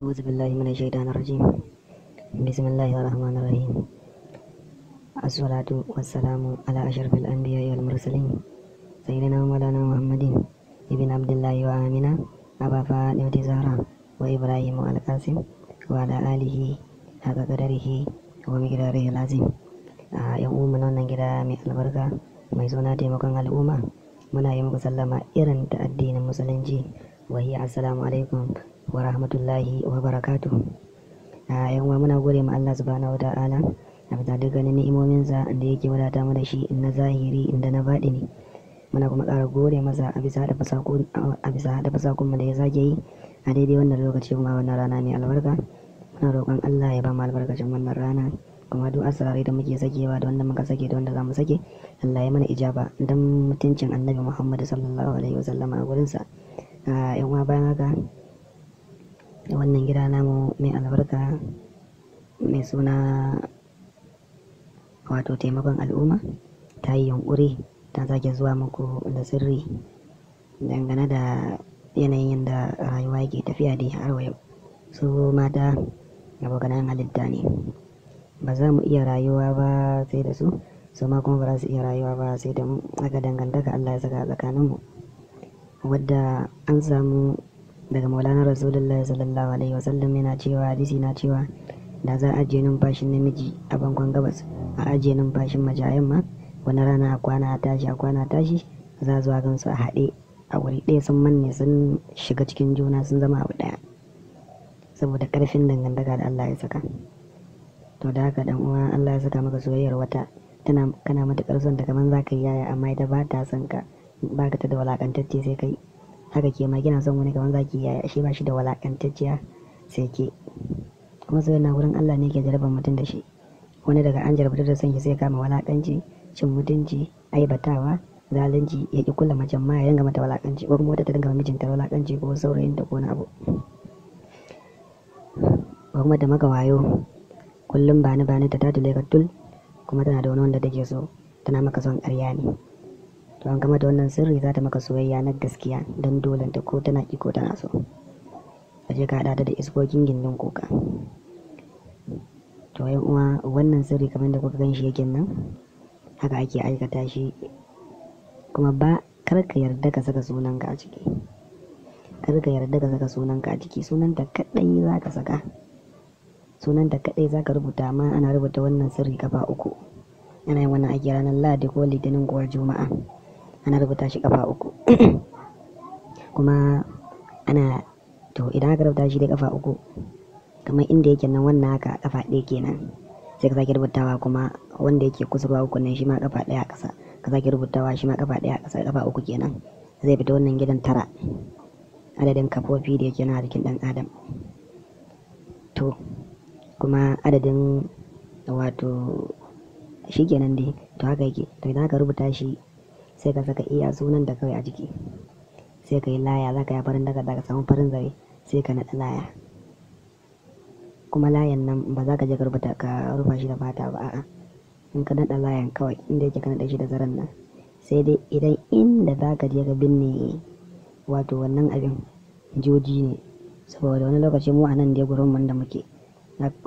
أعوذ بالله من الشيطان الرجيم بسم الله الرحمن الرحيم الصلاة والسلام على أشرف الأنبياء والمرسلين سيدنا مولانا محمد ابن عبد الله وآمنا أبا فاطمة زهرة وإبراهيم القاسم وعلى آله حق قدره ومقداره العظيم ‘yan umar wannan gida mai albarka mai suna taimakon al'umma muna yi muku sallama irin ta addinin musulunci wahiya assalamu alaikum wa rahmatullahi wa barakatu a yan uwa muna gode ma Allah subhanahu wata'ala a bisa dukkanin sa da yake wadata mu da shi na zahiri inda na ne muna kuma ƙara gode masa a bisa haɗa fasakun mu da ya sake yi a daidai wannan lokaci kuma wannan rana mai albarka muna roƙon Allah ya ba mu albarkacin wannan rana kuma duk asirare da muke sakewa da wanda muka sake da wanda za mu sake Allah ya mana ijaba dan mutuncin annabi Muhammad sallallahu alaihi wasallama a a yan uwa bayan haka wannan gida namu mai albarka mai suna wato taimakon al'umma ta yi yunkuri ta zage zuwa muku da sirri dangane da yanayin da rayuwa yake tafiya da har yau su mata abokanan halitta ne ba za mu iya rayuwa ba sai da su su ma kuma ba su iya rayuwa ba sai da mu aka dangantaka Allah ya saka tsakaninmu wadda an samu daga maulana rasulullah sallallahu alaihi wasallam yana cewa hadisi na cewa da za a ajiye numfashin namiji a bankon gabas a ajiye numfashin mace a yamma wani rana a kwana a tashi a kwana tashi za zuwa gansu a haɗe a wuri ɗaya sun manne sun shiga cikin juna sun zama abu ɗaya saboda ƙarfin dangantaka da Allah ya saka to da haka dan uwa Allah ya saka maka soyayyar wata tana kana matuƙar son ta kaman zaka yi yaya amma ita ba ta son ka ba ka ta da walakantacce sai kai haka ke ma kina son wani kamar zaki yaya shi ba shi da walakantacciya sai ke kuma sai na wurin Allah ne ke jarabar mutum da shi wani daga an jarabtar da son shi sai kama walakanci cin mutunci aibatawa zalunci ya ki kula macen ma ya dinga mata walakanci ko kuma wata ta dinga mijinta walakanci ko saurayin ta ko na abu ko kuma da maka wayo kullum bani bani ta tatule ka tul kuma tana da wani wanda take so tana maka son ƙarya ne to an gama da wannan sirri za ta maka soyayya na gaskiya don dolanta ko tana iko tana so a je ka haɗa da iskokin gindin kuka to yan uwa wannan sirri kamar da kuka gan shi yake nan haka ake aikata shi kuma ba kar ka yarda ka saka sunanka a ciki kar ka yarda ka saka sunanka a ciki sunanta kaɗai za ka saka sunanta kaɗai za ka rubuta ma ana rubuta wannan sirri kafa uku ana yin wannan ake ranar lahadi ko litinin kowar juma'a ana rubuta shi kafa uku kuma ana to idan aka rubuta shi da kafa uku kamar inda yake nan wannan haka kafa ɗaya kenan sai ka sake rubutawa kuma wanda yake kusurwa uku nan shi ma kafa ɗaya a ƙasa ka sake rubutawa shi ma kafa ɗaya a ƙasa kafa uku kenan zai fita wannan gidan tara adadin kafofi da yake na jikin ɗan adam to kuma adadin wato shi kenan dai to haka yake to idan aka rubuta shi sai ka saka iya sunan da kawai a jiki sai ka yi laya za ka yi farin daga daga samun farin zare sai ka naɗa laya kuma layan nan ba za ka je ka rubuta rufa shi da fata ba a'a in ka naɗa layan kawai inda yake ka naɗa shi da zaren nan sai dai idan inda za ka je ka binne wato wannan abin joji ne saboda wani lokaci mu a nan dai gurin mun da muke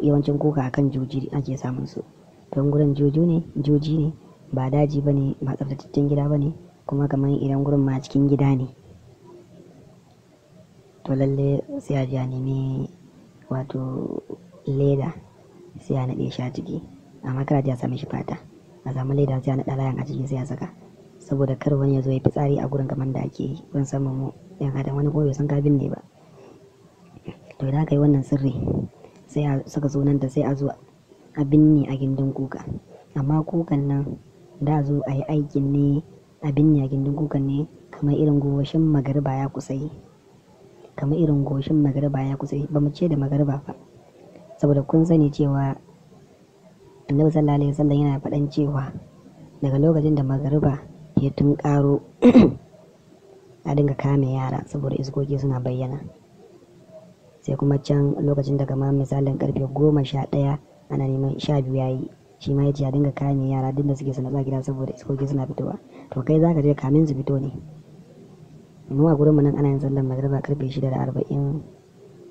yawancin kuka akan joji ake samun su don gurin ne joji ne ba daji ba ne ba tsaftataccen gida ba ne kuma kamar idan gurin ma cikin gida ne to lalle sai a ji a nemi wato leda sai a naɗe shi a ciki amma kada a sami shi fata a samu leda sai a naɗa layan a ciki sai a saka saboda kar wani ya zo ya fi tsari a gurin kamar da ake yi kun san mu yan adam wani kuma bai san kabin ne ba to idan aka yi wannan sirri sai a saka sunan da sai a zo a binne a gindin kuka amma kukan nan da zo a yi aikin ne abin ya gindin ne kamar irin goshin magariba ya kusai kamar irin goshin magariba ya kusai ba mu ce da magariba ba saboda kun sani cewa annabi sallallahu alaihi wasallam yana faɗan cewa daga lokacin da magariba ya tunkaro a dinga kame yara saboda iskoki suna bayyana sai kuma can lokacin da kamar misalin karfe goma sha ɗaya ana neman sha biyu yayi shi ma ya a dinga kame yara duk da suke sanatsa gida saboda iskoki suna fitowa to kai zaka je kamin su fito ne mu a gurin mu nan ana yin sallar magriba karfe shida da arba'in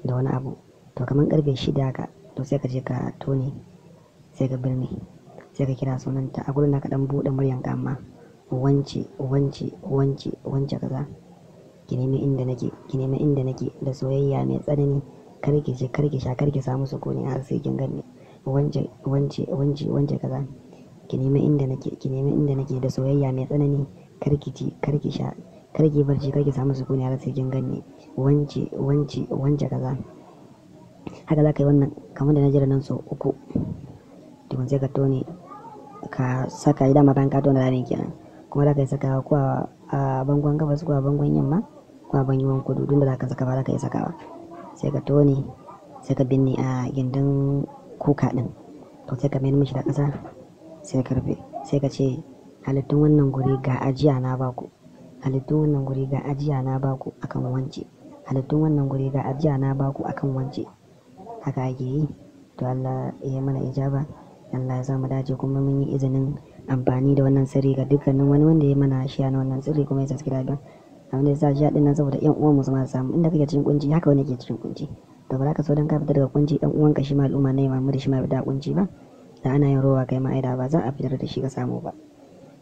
da wani abu to kamar karfe shida haka to sai ka je ka tone sai ka birni sai ka kira sunanta a gurin naka dan buɗe muryan ka amma wance wance wance wance kaza ki nemi inda nake ki nemi inda nake da soyayya mai tsanani karki ce je sha karki samu sukuni har sai kin ganni wance wance wance wance kaza ki nemi inda nake ki nemi inda nake da soyayya mai tsanani kar ki ci kar ki sha kar ki barci kar ki samu sukuni har sai kin ganni wance wance wance kaza haka za ka yi wannan kamar da na jira nan so uku to sai ka tone ka saka idan ma bayan ka tona ranin kenan kuma za ka yi sakawa ko a bangon gabas ko a bangon yamma ko a bangon kudu duk da za ka saka ba za ka yi sakawa sai ka tone sai ka binne a gindin kuka din to sai ka mai mishi da ƙasa sai ka sai ka ce halittun wannan guri ga ajiya na baku halittun wannan guri ga ajiya na baku akan wance halittun wannan guri ga ajiya na baku akan wance haka ake yi to Allah ya mana ijaba Allah ya samu dace kuma mun yi izinin amfani da wannan sirri ga dukkanin wani wanda ya mana shiya na wannan sirri kuma ya subscribe abin da ya sa shi a nan saboda yan uwan mu su ma samu inda kake cikin kunci haka wani ke cikin kunci to ba za ka so don ka fita daga kunci dan ka shi ma al'umma ne mamu da shi ma da kunci ba da ana yin rowa kai ma ai da ba za a fitar da shi ka samu ba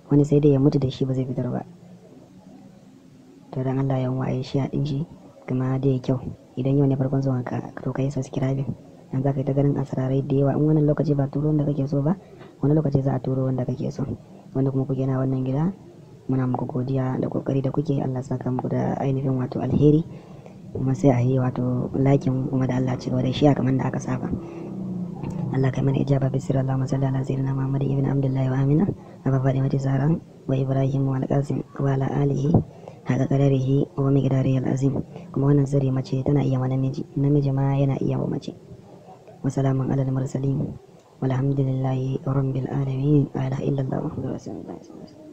wani sai dai ya mutu da shi ba zai fitar ba to dan Allah yan waye shi a din shi kuma da kyau idan yau ne farkon zuwan ka to kai subscribe dan za ka yi ta ganin asararai da yawa in wannan lokaci ba turo wanda kake so ba wani lokaci za a turo wanda kake so wanda kuma kuke na wannan gida muna muku godiya da kokari da kuke Allah saka muku da ainihin wato alheri kuma sai a yi wato lakin kuma da Allah ci gaba da shi a kamar da aka saba Allah kai mana ijaba bi sirri Allahumma salli ala sayyidina Muhammad ibn Abdullah wa amina aba fadimati zahra wa Ibrahim wa al-Qasim wa ala alihi haka kadarihi wa migdari al-azim kuma wannan zari mace tana iya wani namiji namiji ma yana iya wa mace wa ala al-mursalin walhamdulillahi rabbil alamin ala illa Allah wa rasulullah